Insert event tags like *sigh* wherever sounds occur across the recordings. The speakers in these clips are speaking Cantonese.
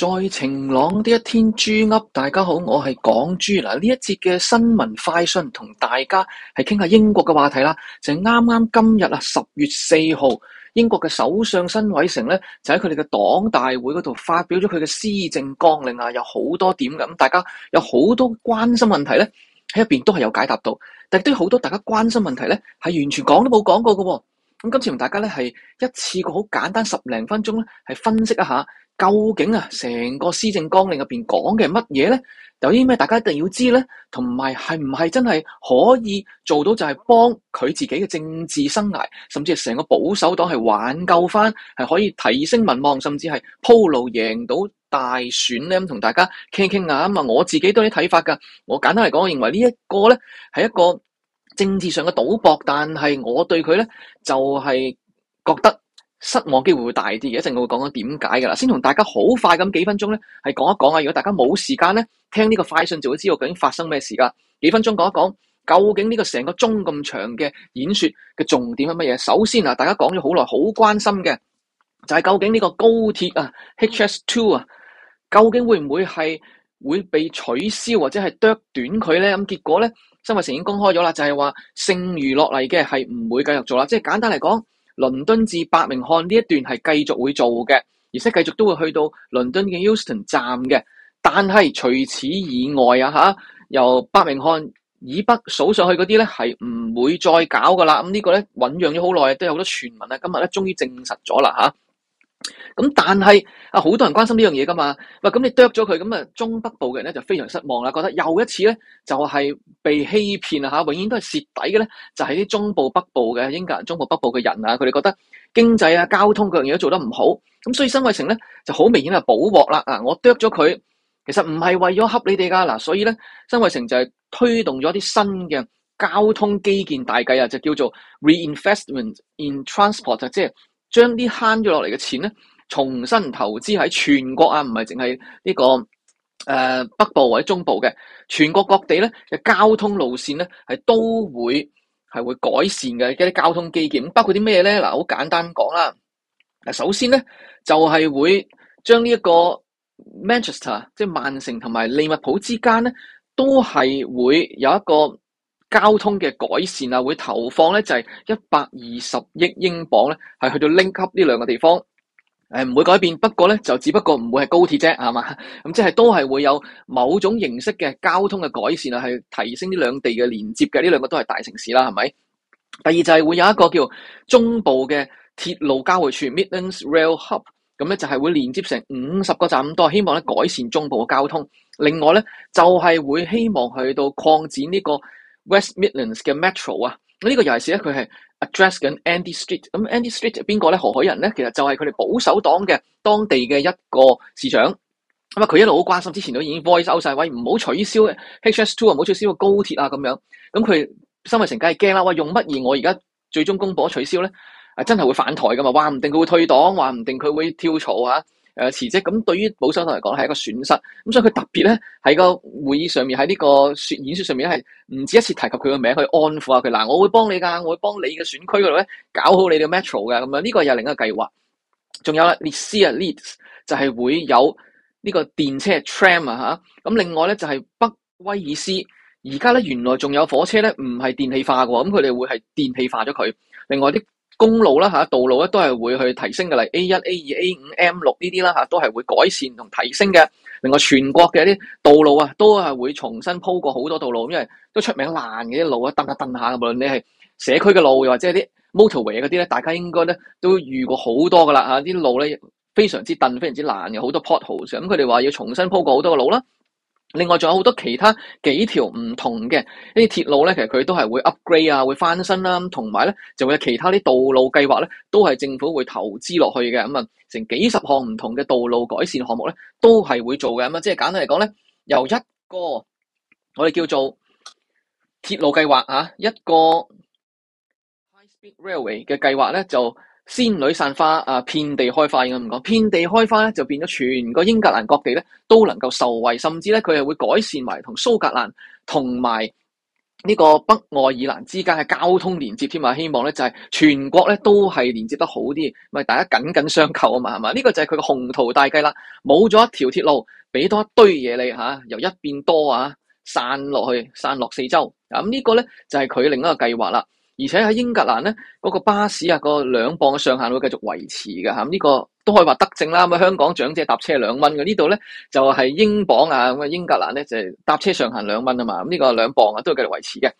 在晴朗的一天，豬鴨，大家好，我係港豬。呢一節嘅新聞快訊，同大家係傾下英國嘅話題啦。就係啱啱今日啊，十月四號，英國嘅首相辛偉誠咧，就喺佢哋嘅黨大會嗰度發表咗佢嘅施政綱領啊，有好多點嘅咁，大家有好多關心問題咧，喺入邊都係有解答到，但係都好多大家關心問題咧，係完全講都冇講過嘅喎。咁今次同大家咧係一次過好簡單十零分鐘咧，係分析一下究竟啊，成個施政綱領入面講嘅係乜嘢咧？有啲咩大家一定要知咧？同埋係唔係真係可以做到就係幫佢自己嘅政治生涯，甚至係成個保守黨係挽救翻，係可以提升民望，甚至係鋪路贏到大選咧？咁同大家傾傾下啊！我自己都有啲睇法㗎。我簡單嚟講，我認為呢一個咧係一個政治上嘅賭博，但係我對佢咧就係、是、覺得失望機會大一點會大啲嘅，一陣我會講緊點解嘅啦。先同大家好快咁幾分鐘咧，係講一講啊。如果大家冇時間咧，聽呢個快訊就會知道究竟發生咩事㗎。幾分鐘講一講，究竟呢個成個鐘咁長嘅演說嘅重點係乜嘢？首先啊，大家講咗好耐，好關心嘅就係、是、究竟呢個高鐵啊 HS2 啊，究竟會唔會係會被取消或者係剁短佢咧？咁、嗯、結果咧？辛偉誠已經公開咗啦，就係、是、話剩餘落嚟嘅係唔會繼續做啦。即係簡單嚟講，倫敦至伯明翰呢一段係繼續會做嘅，而且繼續都會去到倫敦嘅 Euston 站嘅。但係除此以外啊，由伯明翰以北數上去嗰啲呢，係唔會再搞㗎啦。咁、嗯、呢、這個呢，醖釀咗好耐，都有好多傳聞啊，今日呢終於證實咗啦。咁但係啊，好多人關心呢樣嘢噶嘛，喂，咁你剁咗佢，咁啊，中北部嘅人咧就非常失望啦，覺得又一次咧就係、是、被欺騙啦吓，永遠都係蝕底嘅咧，就係、是、啲中部北部嘅英格蘭中部北部嘅人啊，佢哋覺得經濟啊、交通嗰樣嘢都做得唔好，咁所以辛偉誠咧就好明顯係補鑊啦啊，我剁咗佢，其實唔係為咗恰你哋噶，嗱、啊，所以咧辛偉誠就係推動咗啲新嘅交通基建大計啊，就叫做 reinvestment in transport 即係。將啲慳咗落嚟嘅錢咧，重新投資喺全國啊，唔係淨係呢個誒、呃、北部或者中部嘅全國各地咧嘅交通路線咧，係都會係會改善嘅一啲交通基建，包括啲咩咧？嗱，好簡單講啦。首先咧，就係、是、會將呢一個 Manchester 即係曼城同埋利物浦之間咧，都係會有一個交通嘅改善啊，會投放咧就係一百二十億英鎊咧，係去到 link up 呢兩個地方，誒唔會改變，不過咧就只不過唔會係高鐵啫，係嘛，咁即係都係會有某種形式嘅交通嘅改善啊，係提升呢兩地嘅連接嘅，呢兩個都係大城市啦，係咪？第二就係會有一個叫中部嘅鐵路交滙處 Midlands Rail Hub，咁咧就係會連接成五十個站咁多，希望咧改善中部嘅交通。另外咧就係會希望去到擴展呢個。West Midlands 嘅 Metro 啊，呢個又係試咧佢係 Address 緊 Andy Street，咁 Andy Street 係邊個咧？何海人咧，其實就係佢哋保守黨嘅當地嘅一個市長。咁啊，佢一路好關心，之前都已經 voice out 晒位，唔好取消 HS2 啊，唔好取消個高鐵啊，咁樣。咁佢身為成梗係驚啦，話用乜嘢？我而家最終公布咗取消咧，啊，真係會反台㗎嘛？話唔定佢會退黨，話唔定佢會跳槽啊！誒、呃、辭職咁，對於保守黨嚟講係一個損失，咁所以佢特別咧喺個會議上面，喺呢個演說上面係唔止一次提及佢嘅名字，去安撫下佢。嗱，我會幫你㗎，我會幫你嘅選區嗰度咧搞好你嘅 metro 嘅，咁樣呢、呢個又係另一個計劃。仲有啊，列斯啊，利斯，利斯就係、係、會有呢個電車 tram 啊嚇。咁另外咧就係、係、北威爾斯，而家咧原來仲有火車咧唔係電氣化㗎喎，咁佢哋會係電氣化咗佢。另外啲公路啦嚇，道路咧都係會去提升嘅，例如 A 一、A 二、A 五、M 六呢啲啦嚇，都係會改善同提升嘅。另外全國嘅啲道路啊，都係會重新鋪過好多道路，因為都出名爛嘅啲路啊，扽下扽下。無論你係社區嘅路，又或者啲 motorway 嗰啲咧，大家應該咧都遇過好多噶啦嚇，啲路咧非常之扽，非常之爛嘅，好多 pot holes。咁佢哋話要重新鋪過好多嘅路啦。另外仲有好多其他幾條唔同嘅一啲鐵路咧，其實佢都係會 upgrade 啊，會翻新啦、啊，同埋咧就會有其他啲道路計劃咧，都係政府會投資落去嘅咁啊，成、嗯、幾十項唔同嘅道路改善項目咧，都係會做嘅咁啊，即係簡單嚟講咧，由一個我哋叫做鐵路計劃啊，一個 high speed railway 嘅計劃咧就。仙女散花啊，遍地開花，應該唔講，遍地開花咧就變咗全個英格蘭各地咧都能夠受惠，甚至咧佢係會改善埋同蘇格蘭同埋呢個北愛爾蘭之間嘅交通連接添啊！希望咧就係全國咧都係連接得好啲，咪大家緊緊相扣啊嘛，係嘛？呢、這個就係佢嘅宏圖大計啦！冇咗一條鐵路，俾多一堆嘢你嚇，由一邊多啊，散落去，散落四周。咁、這、呢個咧就係佢另一個計劃啦。而且喺英格蘭咧，嗰個巴士啊，個兩磅嘅上限會繼續維持嘅嚇，呢個都可以話得正啦。咁啊，香港長者搭車兩蚊嘅呢度咧，就係英鎊啊咁啊，英格蘭咧就係搭車上限兩蚊啊嘛。咁呢個兩磅啊，都繼續維持嘅。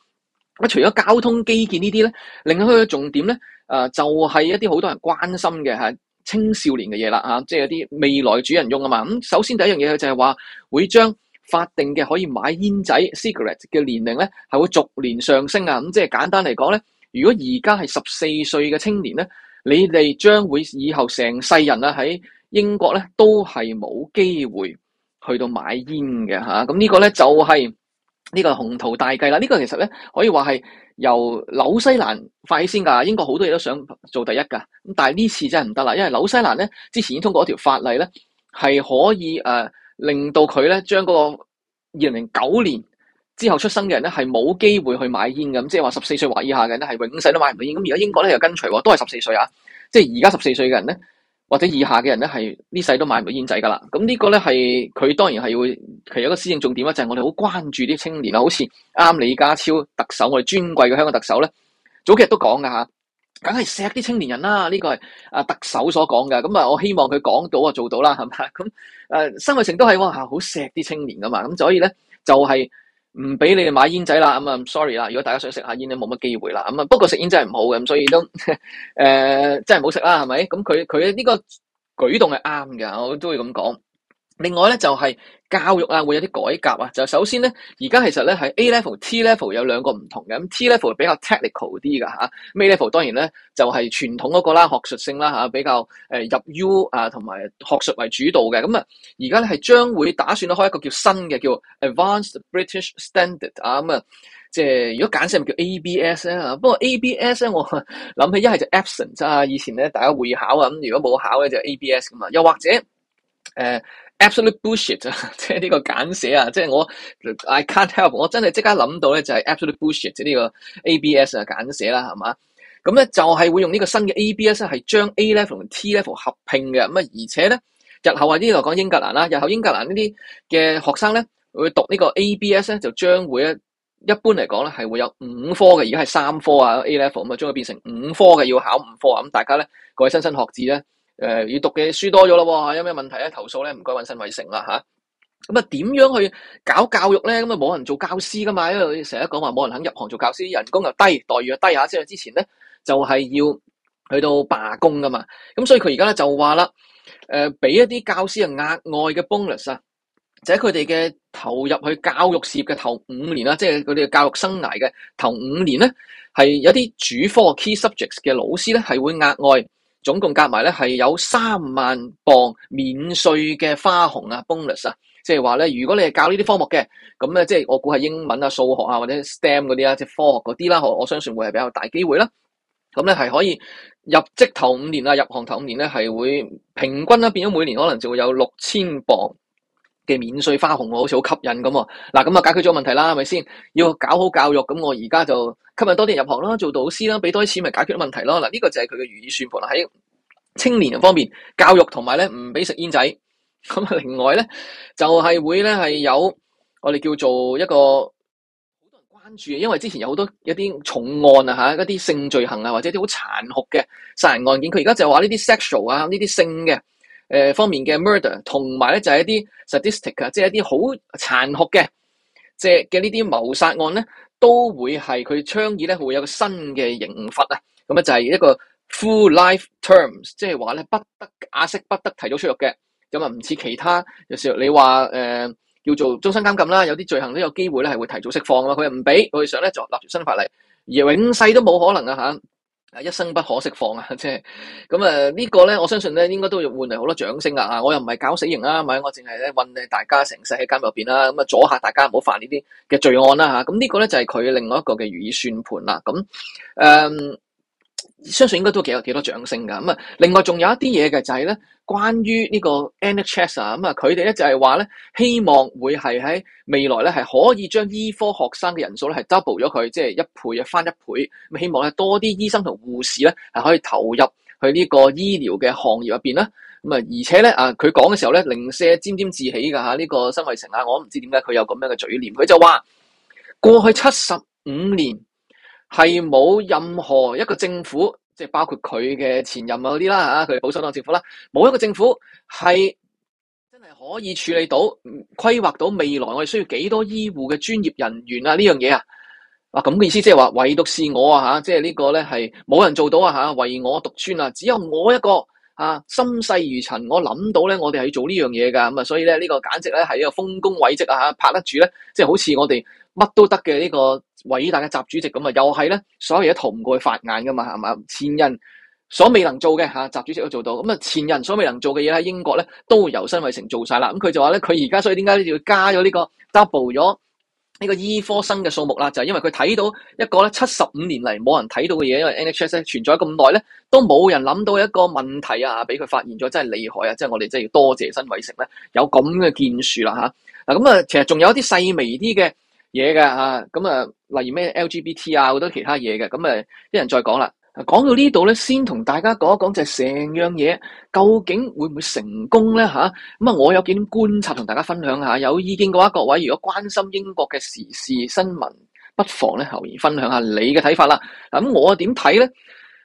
咁除咗交通基建呢啲咧，另外佢嘅重點咧，誒就係一啲好多人關心嘅係青少年嘅嘢啦嚇，即係啲未來主人翁啊嘛。咁首先第一樣嘢佢就係話會將法定嘅可以買煙仔 cigarette 嘅年齡咧，係會逐年上升啊！咁即係簡單嚟講咧，如果而家係十四歲嘅青年咧，你哋將會以後成世人啦，喺英國咧都係冇機會去到買煙嘅嚇。咁呢、就係呢個咧就係呢個宏圖大計啦。呢、呢個其實咧可以話係由紐西蘭發起先㗎。英國好多嘢都想做第一㗎。咁但係呢次真係唔得啦，因為紐西蘭咧之前已經通過一條法例咧係可以誒。呃令到佢咧將嗰個二零零九年之後出生嘅人咧係冇機會去買煙嘅，咁即係話十四歲或以下嘅人咧係永世都買唔到煙。咁而家英國咧又跟隨喎，都係十四歲啊！即係而家十四歲嘅人咧或者以下嘅人咧係呢世都買唔到煙仔噶啦。咁呢個咧係佢當然係會其實一個施政重點啦，就係我哋好關注啲青年啊，好似啱李家超特首，我哋尊貴嘅香港特首咧，早幾日都講噶嚇。梗係錫啲青年人啦，呢、呢個係啊特首所講嘅，咁啊我希望佢講到啊做到啦，係、呃、咪？咁誒，辛偉誠都係喎好錫啲青年噶嘛，咁所以咧就係唔俾你哋買煙仔啦，咁、嗯、啊 sorry 啦，如果大家想食下煙咧冇乜機會啦，咁、嗯、啊不過食煙真係唔好嘅，咁所以都誒、 *laughs* 呃、真係唔好食啦，係咪？咁佢佢呢個舉動係啱㗎，我都會咁講。另外咧就係、是、教育啊，會有啲改革啊。就首先咧，而家其實咧係 A level, T level、T level 有兩個唔同嘅。咁 T level 比較 technical 啲噶嚇，A level 當然咧就係、是、傳統嗰個啦，學術性啦比較、呃、入 U 啊同埋學術為主導嘅。咁、嗯、啊，而家咧係將會打算開一個叫新嘅，叫 Advanced British Standard 啊咁啊、嗯，即係如果簡寫叫 ABS 咧。不過 ABS 咧，我諗起一係就 Absent 啊，以前咧大家會考啊，咁如果冇考咧就 ABS 噶嘛。又或者誒。呃 Absolute bullshit 啊！ *laughs* 即係呢個簡寫啊！即係我 I can't help，我真係即刻諗到咧就係 absolute bullshit，即係呢個 ABS 啊簡寫啦，係嘛？咁咧就係會用呢個新嘅 ABS 咧，係將 A level 同 T level 合拼嘅咁啊！而且咧日後啊呢度講英格蘭啦，日後英格蘭呢啲嘅學生咧會讀呢個 ABS 咧就將會一一般嚟講咧係會有五科嘅，而家係三科啊 A level 咁啊，將會變成五科嘅，要考五科啊！咁大家咧各位新新學子咧。誒，要讀嘅書多咗咯喎，有咩問題咧？投訴咧，唔該，問辛偉誠啦吓。咁啊，點樣去搞教育咧？咁啊，冇人做教師噶嘛？因為佢成日講話冇人肯入行做教師，人工又低，待遇又低下。即係之前咧，就係、是、要去到罷工噶嘛。咁所以佢而家咧就話啦，誒、呃，俾一啲教師啊額外嘅 bonus 啊，就喺佢哋嘅投入去教育事業嘅頭五年啦、啊，即係佢哋嘅教育生涯嘅頭五年咧，係有啲主科 key subjects 嘅老師咧，係會額外。總共夾埋咧係有三萬磅免稅嘅花紅啊 bonus 啊，即係話咧，如果你係教呢啲科目嘅，咁咧即係我估係英文啊、數學啊或者 STEM 嗰啲啊，即係科學嗰啲啦，我相信會係比較大機會啦。咁咧係可以入職頭五年啊，入行頭五年咧係會平均啦，變咗每年可能就會有六千磅。嘅免稅花紅，我好似好吸引咁。嗱，咁啊解決咗問題啦，係咪先？要搞好教育，咁我而家就吸引多啲人入行啦，做導師啦，俾多啲錢咪解決問題咯。嗱，呢個就係佢嘅如意算盤。喺青年方面，教育同埋咧唔俾食煙仔。咁啊，另外咧就係、是、會咧係有我哋叫做一個好多人關注，因為之前有好多一啲重案啊吓，一啲性罪行啊或者啲好殘酷嘅殺人案件，佢而家就話呢啲 sexual 啊呢啲性嘅。誒方面嘅 murder，同埋咧就係一啲 sadistic 啊，即係一啲好殘酷嘅，即係嘅呢啲謀殺案咧，都會係佢倡議咧會有個新嘅刑罰啊。咁啊就係一個 full life terms，即係話咧不得假釋、不得提早出獄嘅。咁啊唔似其他有時、就是、你話誒叫做終身監禁啦，有啲罪行都有機會咧係會提早釋放啦。佢又唔俾，佢想咧就立條新法例，而永世都冇可能啊吓。啊！一生不可釋放啊！即係咁啊！這個、呢個咧，我相信咧，應該都會換嚟好多掌聲啊！我又唔係搞死刑啊，咪我淨係咧困你大家成世喺監入邊啦，咁啊阻嚇大家唔好犯呢啲嘅罪案啦嚇！咁呢個咧就係、是、佢另外一個嘅如意算盤啦。咁誒。嗯相信應該都幾有幾多掌聲噶。咁啊，另外仲有一啲嘢嘅就係、是、咧，關於呢個 NHS 啊。咁啊，佢哋咧就係話咧，希望會係喺未來咧係可以將醫科學生嘅人數咧係 double 咗佢，即係一倍啊，翻一倍。咁希望咧多啲醫生同護士咧係可以投入去呢個醫療嘅行業入邊啦。咁啊，而且咧啊，佢講嘅時候咧，零舍沾沾自喜噶吓，呢、啊這個辛偉誠啊，我唔知點解佢有咁樣嘅嘴臉。佢就話過去七十五年。係冇任何一個政府，即係包括佢嘅前任啊嗰啲啦嚇，佢保守黨政府啦，冇一個政府係真係可以處理到規劃到未來我哋需要幾多醫護嘅專業人員啊呢樣嘢啊！哇，咁嘅意思即係話唯獨是我啊嚇，即係呢個咧係冇人做到啊嚇，唯我獨尊啊，只有我一個嚇，心細如塵，我諗到咧我哋係做呢樣嘢㗎。咁啊，所以咧呢個簡直咧係一個豐功偉績啊嚇，拍得住咧，即係好似我哋。乜都得嘅呢個偉大嘅習主席咁啊，又係咧，所有嘢都逃唔過佢法眼噶嘛，係嘛？前人所未能做嘅吓、啊，習主席都做到。咁、嗯、啊，前人所未能做嘅嘢喺英國咧，都由辛偉誠做晒啦。咁、嗯、佢就話咧，佢而家所以點解要加咗呢、這個 double 咗呢個醫科生嘅數目啦？就係、是、因為佢睇到一個咧七十五年嚟冇人睇到嘅嘢，因為 NHS 咧存在咁耐咧，都冇人諗到一個問題啊，俾佢發現咗，真係厲害啊！即、就、係、是、我哋即係要多謝辛偉誠咧，有咁嘅建樹啦吓。嗱、啊，咁啊，其實仲有一啲細微啲嘅。嘢嘅吓，咁啊，例如咩 LGBT 啊，好多其他嘢嘅，咁啊，啲人再講啦。講到呢度咧，先同大家講一講就係成樣嘢究竟會唔會成功咧吓，咁啊，我有幾點觀察同大家分享下。有意見嘅話，各位如果關心英國嘅時事新聞，不妨咧留言分享下你嘅睇法啦。嗱，咁我點睇咧？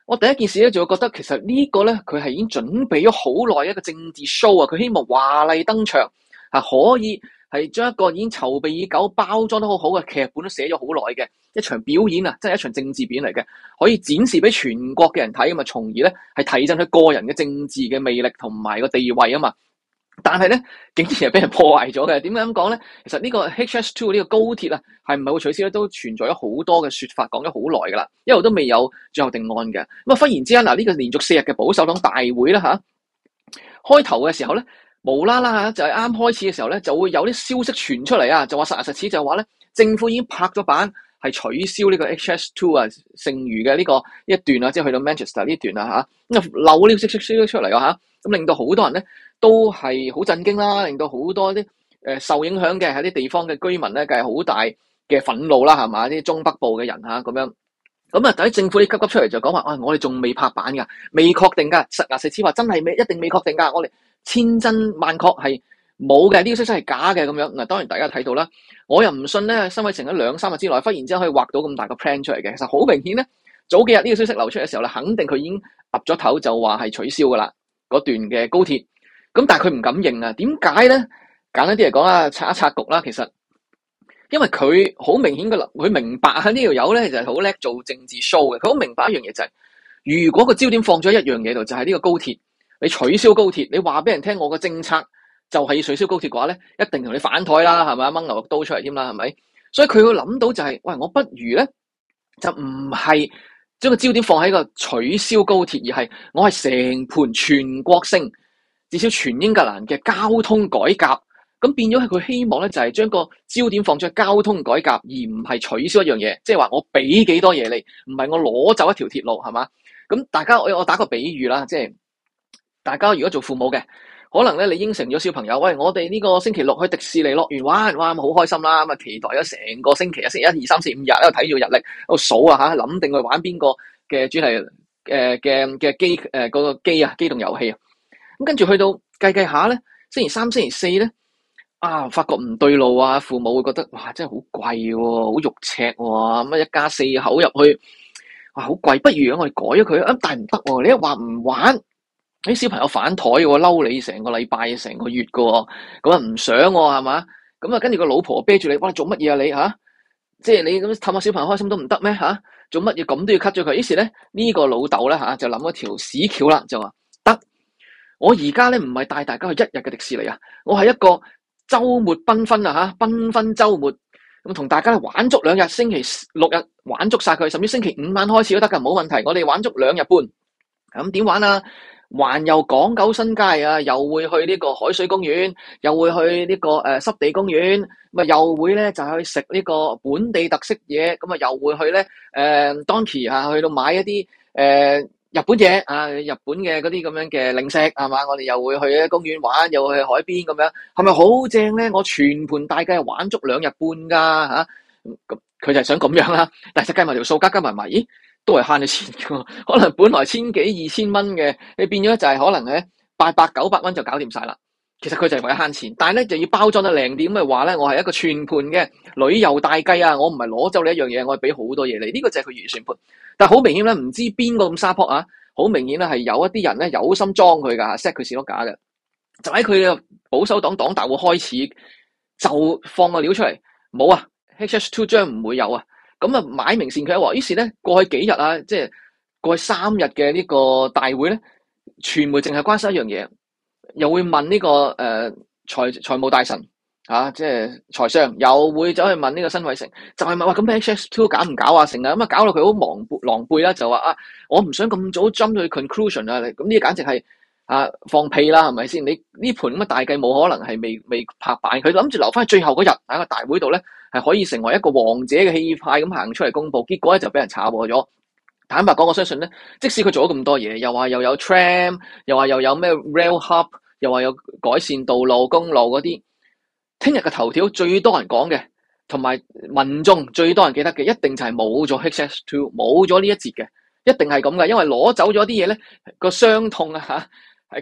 我第一件事咧，就會覺得其實呢個咧，佢係已經準備咗好耐一個政治 show 啊，佢希望華麗登場啊，可以。係將一個已經籌備已久包裝、包裝得好好嘅劇本都寫咗好耐嘅一場表演啊，真係一場政治片嚟嘅，可以展示俾全國嘅人睇，啊嘛，從而咧係提振佢個人嘅政治嘅魅力同埋個地位啊嘛。但係咧，竟然係俾人破壞咗嘅。點解咁講咧？其實呢個 HS2 呢個高鐵啊，係唔係會取消咧都存在咗好多嘅說法，講咗好耐噶啦，一路都未有最後定案嘅。咁啊，忽然之間嗱，呢個連續四日嘅保守黨大會啦吓、啊，開頭嘅時候咧。無啦啦吓，就係、是、啱開始嘅時候咧，就會有啲消息傳出嚟啊！就話實牙實齒就話咧，政府已經拍咗板，係取消呢個 HS2 啊剩餘嘅呢個一段啊，即係去到 Manchester 呢段啊吓，咁啊，漏呢個消息消息出嚟啊。吓，咁令到好多人咧都係好震驚啦，令到好多啲、呃、受影響嘅喺啲地方嘅居民咧，梗係好大嘅憤怒啦，係嘛？啲中北部嘅人啊，咁樣。咁啊，但係政府你急急出嚟就講話、哎，我哋仲未拍板噶，未確定噶，實牙實齒話真係未一定未確定噶，我哋。千真萬確係冇嘅，呢、這個消息係假嘅咁樣。嗱，當然大家睇到啦，我又唔信咧。辛偉誠咗兩三日之內，忽然之間可以畫到咁大個 plan 出嚟嘅，其實好明顯咧。早幾日呢個消息流出嘅時候咧，肯定佢已經岌咗頭就話係取消㗎喇嗰段嘅高鐵。咁但係佢唔敢認啊，點解咧？簡單啲嚟講啊，拆一拆局啦。其實因為佢好明顯嘅，佢明白喺呢條友咧就係好叻做政治 show 嘅。佢好明白一樣嘢就係、是，如果個焦點放咗一樣嘢度，就係、是、呢個高鐵。你取消高鐵，你話俾人聽我個政策就係要取消高鐵嘅話咧，一定同你反台啦，係咪掹牛肉刀出嚟添啦，係咪？所以佢會諗到就係、是、喂，我不如咧就唔係將個焦點放喺個取消高鐵，而係我係成盤全國性，至少全英格蘭嘅交通改革。咁變咗係佢希望咧，就係將個焦點放咗喺交通改革，而唔係取消一樣嘢。即係話我俾幾多嘢你，唔係我攞走一條鐵路，係嘛？咁大家我我打個比喻啦，即係。大家如果做父母嘅，可能咧你應承咗小朋友，喂，我哋呢個星期六去迪士尼樂園玩，哇，咁好開心啦，咁啊期待咗成個星期啊，星期一、二、三、四、五日，喺度睇住日曆，喺度數啊嚇，諗定去玩邊個嘅主題，誒嘅嘅機，誒嗰個機啊，機動遊戲啊。咁跟住去到計計下咧，星期三、星期四咧，啊，發覺唔對路啊，父母會覺得，哇，真係好貴喎，好肉赤喎，咁啊一家四口入去，哇，好貴，不如我哋改咗佢，咁但係唔得喎，你一話唔玩。啲、哎、小朋友反台嘅，嬲你成個禮拜、成個月嘅，咁啊唔想喎，係嘛？咁啊跟住個老婆啤住你，你做乜嘢啊你吓、啊？即係你咁氹下小朋友開心都唔得咩吓？做乜嘢咁都要 cut 咗佢？於是咧呢、呢個老豆咧吓就諗一條屎橋啦，就話得。我而家咧唔係帶大家去一日嘅迪士尼啊，我係一個周末繽紛啊吓，繽紛周末咁同大家玩足兩日，星期六日玩足晒佢，甚至星期五晚開始都得嘅，冇問題。我哋玩足兩日半，咁點玩啊？環遊港九新界啊，又會去呢個海水公園，又會去呢個誒濕地公園，咪又會咧就去食呢個本地特色嘢，咁啊又會去咧誒 Donkey 嚇去到買一啲誒日本嘢啊，日本嘅嗰啲咁樣嘅零食係嘛？我哋又會去啲公園玩，又去海邊咁樣，係咪好正咧？我全盤大計係玩足兩日半㗎嚇，咁佢就係想咁樣啦，但係計埋條數加加埋埋，咦？都係慳咗錢喎。可能本來千幾二千蚊嘅，你變咗就係可能咧八百九百蚊就搞掂晒啦。其實佢就係為慳錢，但係咧就要包裝得靚啲咁咪話咧，就是、我係一個全盤嘅旅遊大計啊！我唔係攞走你一樣嘢，我係俾好多嘢你。呢、這個就係佢如意算盤。但係好明顯咧，唔知邊個咁沙炮啊！好明顯咧係有一啲人咧有心裝佢噶，set 佢少多假嘅。就喺佢嘅保守黨黨大會開始，就放個料出嚟，冇啊！HS Two 將唔會有啊！咁啊，買明善佢一話，於是咧過去幾日啊，即係過去三日嘅呢個大會咧，傳媒淨係關心一樣嘢，又會問呢個誒財財務大臣吓，即係財商，又會走去問呢個辛偉誠，就係問話咁 H S Two 搞唔搞啊？成日咁啊，搞到佢好忙狼狽啦，就話啊，我唔想咁早針對 Conclusion 啊，咁呢啲簡直係。啊！放屁啦，係咪先？你呢盤咁嘅大計冇可能係未未拍板，佢諗住留翻去最後嗰日喺個大會度咧，係可以成為一個王者嘅氣派咁行出嚟公佈。結果咧就俾人查鑊咗。坦白講，我相信咧，即使佢做咗咁多嘢，又話又有 tram，又話又有咩 rail hub，又話有改善道路、公路嗰啲，聽日嘅頭條最多人講嘅，同埋民眾最多人記得嘅，一定就係冇咗 HS2，冇咗呢一節嘅，一定係咁嘅，因為攞走咗啲嘢咧，個傷痛啊吓！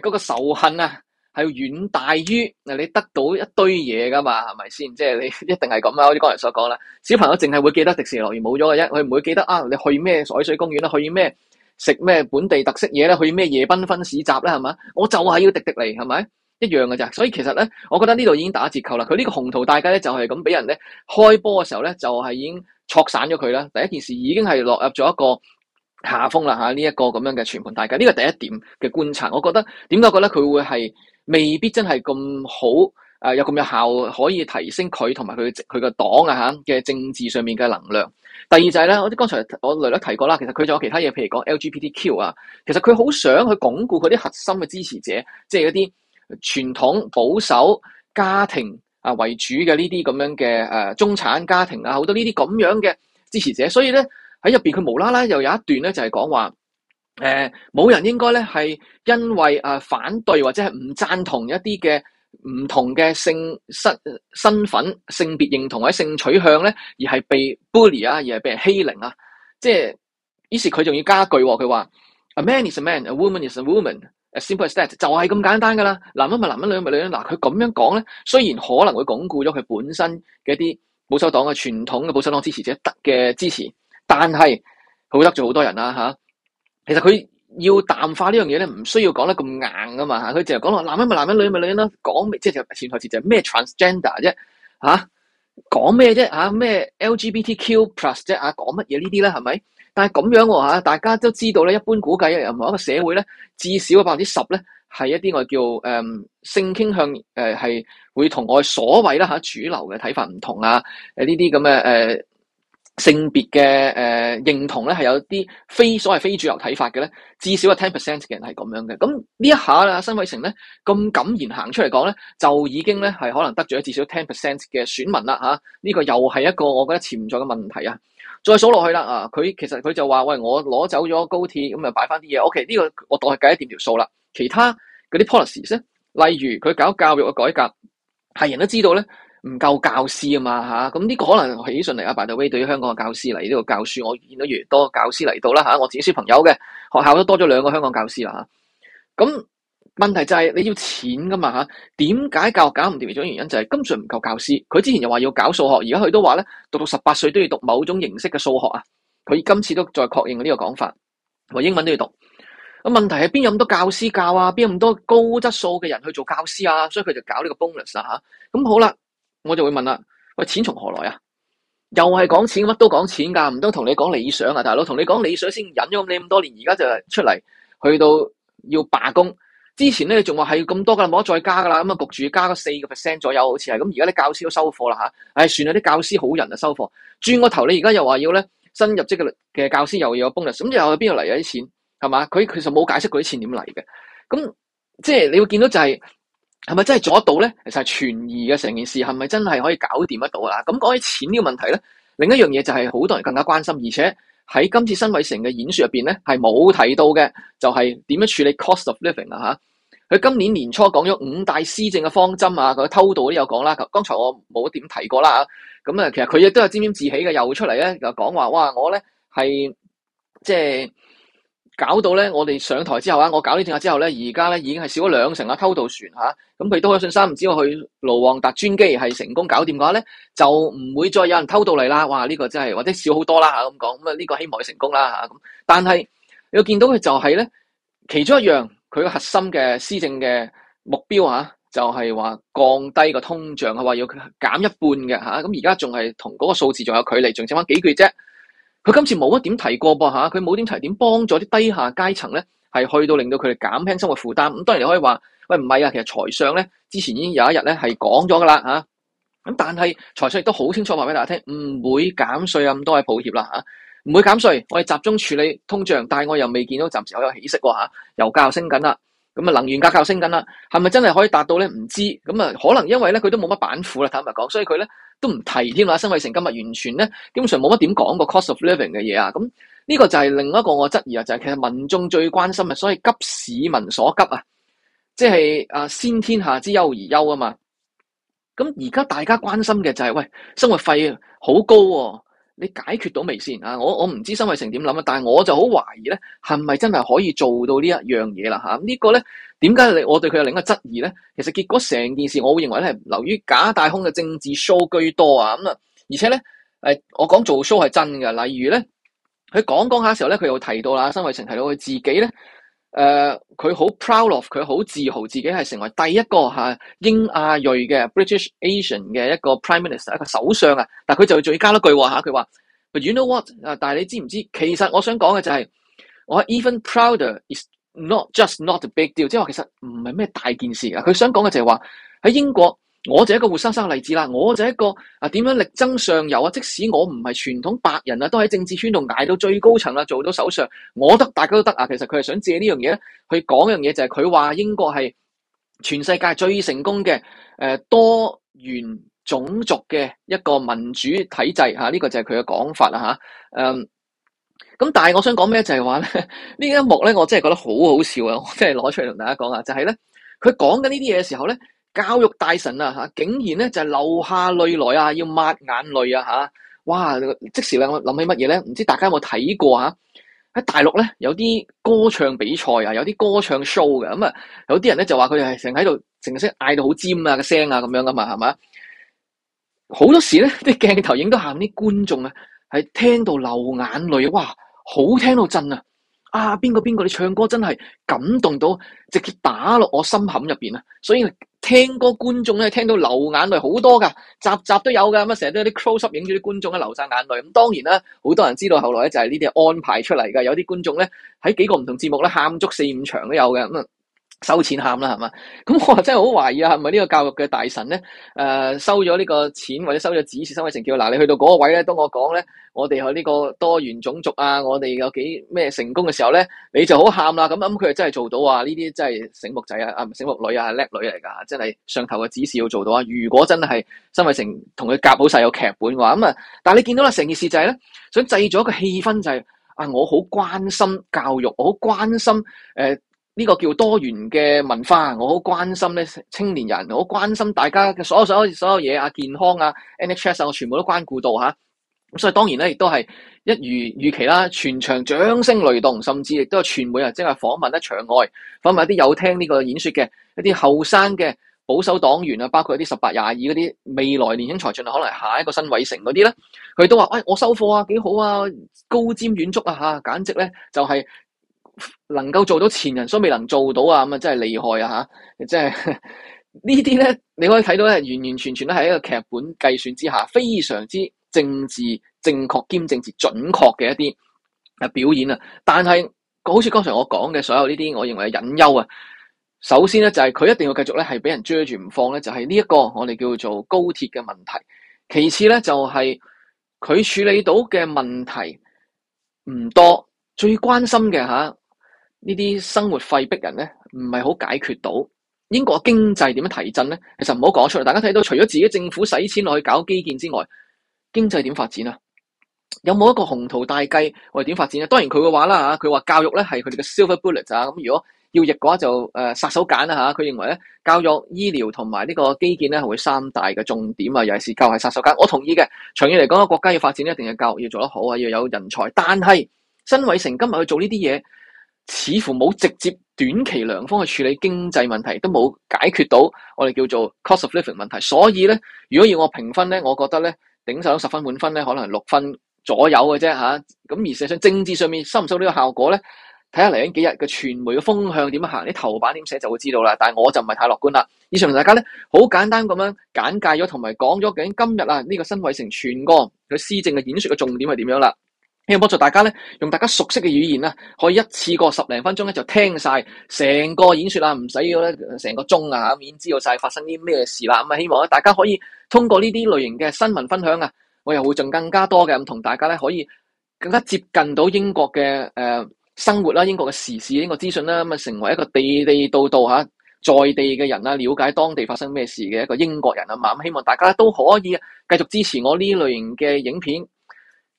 嗰、那個仇恨啊，係遠大於你得到一堆嘢㗎嘛，係咪先？即係你一定係咁啦，好似剛才所講啦。小朋友淨係會記得迪士尼樂園冇咗嘅啫，佢唔會記得啊！你去咩海水公園啦，去咩食咩本地特色嘢咧，去咩夜繽紛市集咧，係咪？我就係要迪士尼，係咪一樣㗎咋。所以其實咧，我覺得呢度已經打折扣啦。佢呢個鴻圖大計咧，就係咁俾人咧開波嘅時候咧，就係已經戳散咗佢啦。第一件事已經係落入咗一個下風啦嚇，呢一個咁樣嘅全盤大計，呢個第一點嘅觀察，我覺得點解覺得佢會係未必真係咁好，誒有咁有效可以提升佢同埋佢佢個黨啊嚇嘅政治上面嘅能量。第二就係咧，我啲剛才我略略提過啦，其實佢仲有其他嘢，譬如講 LGBTQ 啊，其實佢好想去鞏固佢啲核心嘅支持者，即係一啲傳統保守家庭啊為主嘅呢啲咁樣嘅誒中產家庭啊，好多呢啲咁樣嘅支持者，所以咧。喺入邊佢無啦啦又有一段咧，就係講話，誒、呃，冇人應該咧係因為啊、呃、反對或者係唔贊同一啲嘅唔同嘅性身身份、性別認同或者性取向咧，而係被 bully 是被啊，而係被人欺凌啊。即係，於是佢仲要加一句，佢話，a man is a man，a woman is a woman，as simple as that 就係咁簡單噶啦。男人咪男人，女人咪女人。嗱、啊，佢咁樣講咧，雖然可能會鞏固咗佢本身嘅一啲保守黨嘅傳統嘅保守黨支持者得嘅支持。但係佢會得罪好多人啦嚇、啊，其實佢要淡化呢樣嘢咧，唔需要講得咁硬噶嘛嚇。佢淨係講話，男人咪男人，女人咪女人咯。講咩即係前台詞就係、是、咩 transgender 啫、啊、嚇，講咩啫嚇咩 LGBTQ plus 啫嚇，講乜嘢呢啲啦係咪？但係咁樣喎、啊、大家都知道咧，一般估計任何一個社會咧，至少百分之十咧係一啲我叫誒、嗯、性傾向誒，係、嗯、會同我所謂啦嚇主流嘅睇法唔同啊誒呢啲咁嘅誒。這性別嘅誒認同咧，係有啲非所謂非主流睇法嘅咧，至少係 ten percent 嘅人係咁樣嘅。咁呢一下啦，辛偉誠咧咁敢言行出嚟講咧，就已經咧係可能得罪咗至少 ten percent 嘅選民啦。吓、啊，呢、這個又係一個我覺得潛在嘅問題啊。再數落去啦，啊，佢其實佢就話喂，我攞走咗高鐵，咁啊擺翻啲嘢。OK，呢個我當係計一點條數啦。其他嗰啲 policies 咧，例如佢搞教育嘅改革，係人都知道咧。唔夠教師啊嘛嚇，咁呢個可能起上嚟啊，By the way，對於香港嘅教師嚟呢個教書，我見到越來越多教師嚟到啦嚇，我自己小朋友嘅學校都多咗兩個香港教師啦嚇。咁問題就係你要錢噶嘛嚇，點解教搞唔掂？其中原因就係根本上唔夠教師。佢之前又話要搞數學，而家佢都話咧，讀到十八歲都要讀某種形式嘅數學啊。佢今次都再確認呢個講法，我英文都要讀。咁問題係邊有咁多教師教啊？邊有咁多高質素嘅人去做教師啊？所以佢就搞呢個 bonus 啊嚇。咁好啦。我就會問啦，喂，錢從何來啊？又係講錢，乜都講錢噶，唔通同你講理想啊，大佬？同你講理想先忍咗、啊、你咁多年，而家就出嚟去到要罷工。之前咧仲話係咁多噶啦，冇得再加噶啦。咁啊，焗住加個四個 percent 左右，好似係咁。而家啲教師都收貨啦吓、哎，算啦啲教師好人啊收貨。轉個頭你，你而家又話要咧新入職嘅嘅教師又要有 bonus，咁又去邊度嚟啊啲錢？係嘛，佢其實冇解釋佢啲錢點嚟嘅。咁即係你會見到就係、是。係咪真係做得到咧？其實係存疑嘅，成件事，係咪真係可以搞掂得到啊？咁講起錢呢個問題咧，另一樣嘢就係好多人更加關心，而且喺今次辛偉誠嘅演説入面咧，係冇睇到嘅，就係點樣處理 cost of living 啦、吓、佢今年年初講咗五大施政嘅方針啊，佢偷渡都有講啦，咁剛才我冇點提過啦。咁啊，其實佢亦都係沾沾自喜嘅，又出嚟咧，就講話哇，我咧係即係。搞到咧，我哋上台之後啊，我搞呢啲之後咧，而家咧已經係少咗兩成啦，偷渡船吓，咁佢都有信心，唔知我去盧旺達專機係成功搞掂嘅話咧，就唔會再有人偷到嚟啦。哇！呢、呢個真係或者少好多啦，咁講咁啊，呢個希望成功啦咁、啊、但係你要見到嘅就係咧，其中一樣佢嘅核心嘅施政嘅目標啊，就係、係、話降低個通脹，話要減一半嘅，咁而家仲係同嗰個數字仲有距離，仲剩翻幾個月啫。佢今次冇乜點提過噃吓，佢冇點提點幫助啲低下階層咧，係去到令到佢哋減輕生活負擔。咁當然你可以話，喂唔係啊，其實財相咧之前已經有一日咧係講咗噶啦吓。咁但係財相亦都好清楚話俾大家聽，唔會減稅啊，咁多位抱歉啦吓，唔會減稅。我哋集中處理通脹，但係我又未見到暫時有有起色吓，油價又升緊啦，咁啊能源價格又升緊啦，係咪真係可以達到咧？唔知咁啊，可能因為咧佢都冇乜板斧啦，坦白講，所以佢咧。都唔提添啦，辛偉誠今日完全咧，基本上冇乜點講過 cost of living 嘅嘢啊，咁呢、這個就係另一個我質疑啊，就係、是、其實民眾最關心嘅，所以急市民所急啊，即係啊先天下之憂而憂啊嘛，咁而家大家關心嘅就係、是、喂生活費好高、啊。你解決到未先啊？我我唔知辛偉誠點諗啊，但係我就好懷疑咧，係咪真係可以做到、這個、呢一樣嘢啦？呢個咧點解你我對佢有另一個質疑咧？其實結果成件事，我會認為咧，流於假大空嘅政治 show 居多啊。咁啊，而且咧，誒，我講做 show 係真嘅。例如咧，佢講講下時候咧，佢又提到啦，辛偉誠提到佢自己咧。誒、呃，佢好 proud of，佢好自豪自己係成為第一個吓、啊、英亞裔嘅 British Asian 嘅一個 Prime Minister 一個首相啊！但佢就仲要加一句話吓，佢、啊、話 But you know what？啊，但係你知唔知？其實我想講嘅就係、是，我 even prouder is not just not a big deal，即係話其實唔係咩大件事啊！佢想講嘅就係話，喺英國。我就係一個活生生嘅例子啦，我就係一個啊，點樣力爭上游啊！即使我唔係傳統白人啊，都喺政治圈度捱到最高層啊，做到首相，我得大家都得啊！其實佢係想借呢樣嘢咧，去講一樣嘢，就係佢話英國係全世界最成功嘅誒、呃、多元種族嘅一個民主體制吓，呢、啊這個就係佢嘅講法啦吓。誒、啊，咁、嗯、但係我想講咩就係話咧，呢一幕咧，我真係覺得好好笑啊！我真係攞出嚟同大家講啊，就係、是、咧，佢講緊呢啲嘢嘅時候咧。教育大神啊吓，竟然咧就係、流下淚來啊，要抹眼淚啊吓、啊！哇，即時諗諗起乜嘢咧？唔知大家有冇睇過啊？喺大陸咧，有啲歌唱比賽啊，有啲歌唱 show 嘅咁、嗯、啊，有啲人咧就話佢哋係成喺度成日識嗌到好尖啊嘅聲啊咁樣㗎嘛，係嘛？好多時咧啲鏡頭影到下眾、啊，啲觀眾啊係聽到流眼淚，哇，好聽到震啊！啊，邊個邊個你唱歌真係感動到直接打落我心坎入邊啊！所以。聽過觀眾咧聽到流眼淚好多㗎，集集都有㗎，咁啊成日都有啲 close up 影住啲觀眾咧流晒眼淚。咁當然啦，好多人知道後來咧就係呢啲安排出嚟㗎，有啲觀眾咧喺幾個唔同節目咧喊足四五場都有嘅咁收錢喊啦，係嘛？咁我真係好懷疑啊，係咪呢個教育嘅大臣咧？誒、呃，收咗呢個錢或者收咗指示，辛偉誠叫嗱，那你去到嗰個位咧，當我講咧，我哋去呢個多元種族啊，我哋有幾咩成功嘅時候咧，你就好喊啦。咁咁佢係真係做到啊？呢啲真係醒目仔啊，啊醒目女啊，叻女嚟㗎，真係上頭嘅指示要做到啊。如果真係辛偉誠同佢夾好晒個劇本嘅話，咁啊，但係你見到啦，成件事就係咧，想製造一個氣氛，就是，就係啊，我好關心教育，我好關心誒。呃呢、這個叫多元嘅文化，我好關心咧青年人，我好關心大家嘅所有所有所有嘢啊，健康啊，NHS 啊，我全部都關顧到吓。咁所以當然咧，亦都係一如預期啦，全場掌聲雷動，甚至亦都有傳媒啊，即係訪問咧場外，訪問一啲有聽呢個演説嘅一啲後生嘅保守黨員啊，包括一啲十八廿二嗰啲未來年輕才俊啊，可能係下一個辛偉誠嗰啲咧，佢都話：，喂、哎，我收貨啊，幾好啊，高瞻遠矚啊嚇，簡直咧就係、是。能夠做到前人所未能做到啊！咁啊，真係厲害啊吓，即係呢啲咧，你可以睇到咧，完完全全咧係一個劇本計算之下，非常之政治正確兼政治準確嘅一啲啊表演啊。但係好似剛才我講嘅所有呢啲，我認為隱憂啊。首先咧，就係、是、佢一定要繼續咧係俾人追住唔放咧、這個，就係呢一個我哋叫做高鐵嘅問題。其次咧，就係、是、佢處理到嘅問題唔多，最關心嘅吓。呢啲生活費逼人咧，唔係好解決到。英國嘅經濟點樣提振咧？其實唔好講出嚟。大家睇到除咗自己政府使錢落去搞基建之外，經濟點發展啊？有冇一個宏圖大計，我哋點發展咧？當然佢嘅話啦嚇，佢話教育咧係佢哋嘅 silver bullet 啊。咁如果要譯嘅話就、呃、殺手鐧啦嚇。佢認為咧，教育、醫療同埋呢個基建咧係會三大嘅重點啊。尤其是教育係殺手鐧，我同意嘅。長遠嚟講，國家要發展一定係教育要做得好啊，要有人才。但係辛偉誠今日去做呢啲嘢。似乎冇直接短期良方去處理經濟問題，都冇解決到我哋叫做 cost of living 問題。所以咧，如果要我評分咧，我覺得咧，頂上十分滿分咧，可能六分左右嘅啫吓。咁而事實上、啊、政治上面收唔收呢個效果咧，睇下嚟緊幾日嘅傳媒嘅風向點樣行，啲頭版點寫就會知道啦。但我就唔係太樂觀啦。以上同大家咧好簡單咁樣簡介咗，同埋講咗究竟今日啊呢、這個辛偉誠全哥佢施政嘅演說嘅重點係點樣啦。希望幫助大家咧，用大家熟悉嘅語言啊，可以一次過十零分鐘咧就聽晒成個演說啦，唔使要咧成個鐘啊吓，已經知道晒發生啲咩事啦。咁啊，希望咧大家可以通過呢啲類型嘅新聞分享啊，我又會盡更加多嘅咁同大家咧可以更加接近到英國嘅誒生活啦，英國嘅時事，英國資訊啦，咁啊成為一個地地道道吓在地嘅人啊，了解當地發生咩事嘅一個英國人啊。咁希望大家都可以繼續支持我呢類型嘅影片。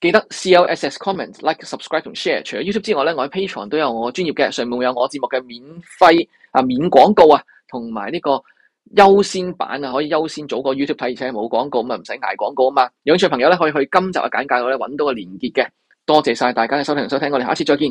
記得 CLS comment, like subscribe 同 share。除咗 YouTube 之外咧，我喺 Patreon 都有我專業嘅，上面會有我節目嘅免費啊免廣告啊，同埋呢個優先版啊，可以優先做過 YouTube 睇，而且冇廣告咁啊，唔使捱廣告啊嘛。有興趣朋友咧，可以去今集嘅簡介度咧揾到個連結嘅。多謝曬大家嘅收聽同收聽，我哋下次再見。